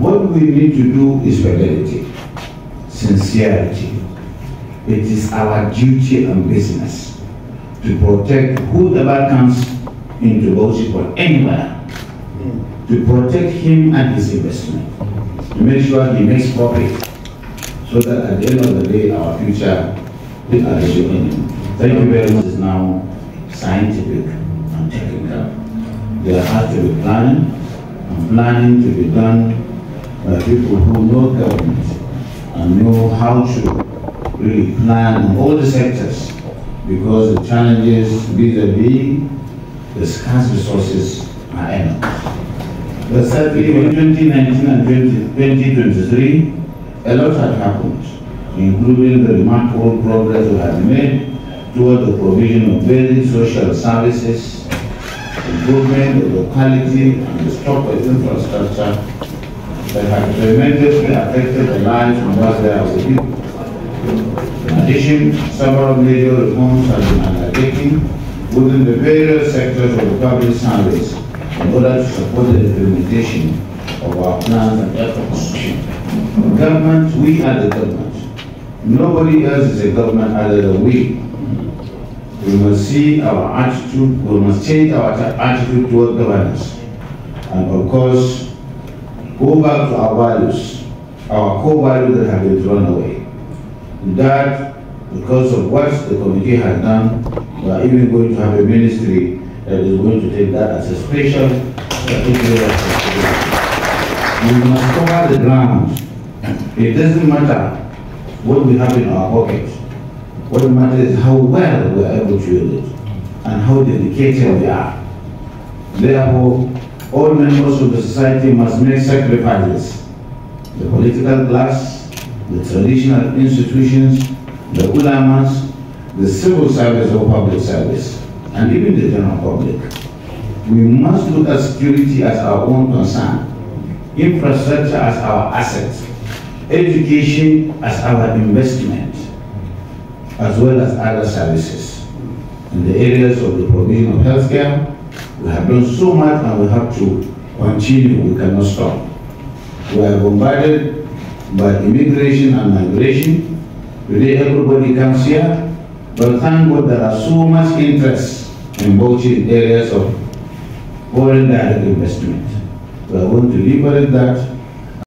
what we need to do is fidelity, sincerity. It is our duty and business to protect whoever comes into worship or anywhere, to protect him and his investment, to make sure he makes profit, so that at the end of the day, our future is assured. Thank you very much. It's now scientific and technical. There has to be planning, and planning to be done by uh, people who know government and know how to really plan all the sectors because the challenges vis-a-vis the scarce resources are enormous. But certainly in 2019 and 2023, a lot had happened, including the remarkable progress we have made toward the provision of basic social services, improvement of the quality and the stock of infrastructure that have tremendously affected the lives of those there with him. In addition, several major reforms have been undertaken within the various sectors of the public service in order to support the implementation of our plans and efforts. government, we are the government. Nobody else is a government other than we. We must see our attitude, we must change our attitude toward governance. And of course, Go back to our values, our core values that have been thrown away. That, because of what the committee has done, we are even going to have a ministry that is going to take that as a special We must cover the ground. It doesn't matter what we have in our pockets. What matters is how well we are able to use it and how dedicated we are. Therefore, all members of the society must make sacrifices. The political class, the traditional institutions, the ulamas, the civil service or public service, and even the general public. We must look at security as our own concern, infrastructure as our asset, education as our investment, as well as other services in the areas of the provision of healthcare, we have done so much and we have to continue. We cannot stop. We are bombarded by immigration and migration. Today everybody comes here, but thank God there are so much interest in both areas of foreign direct investment. We are going to liberate that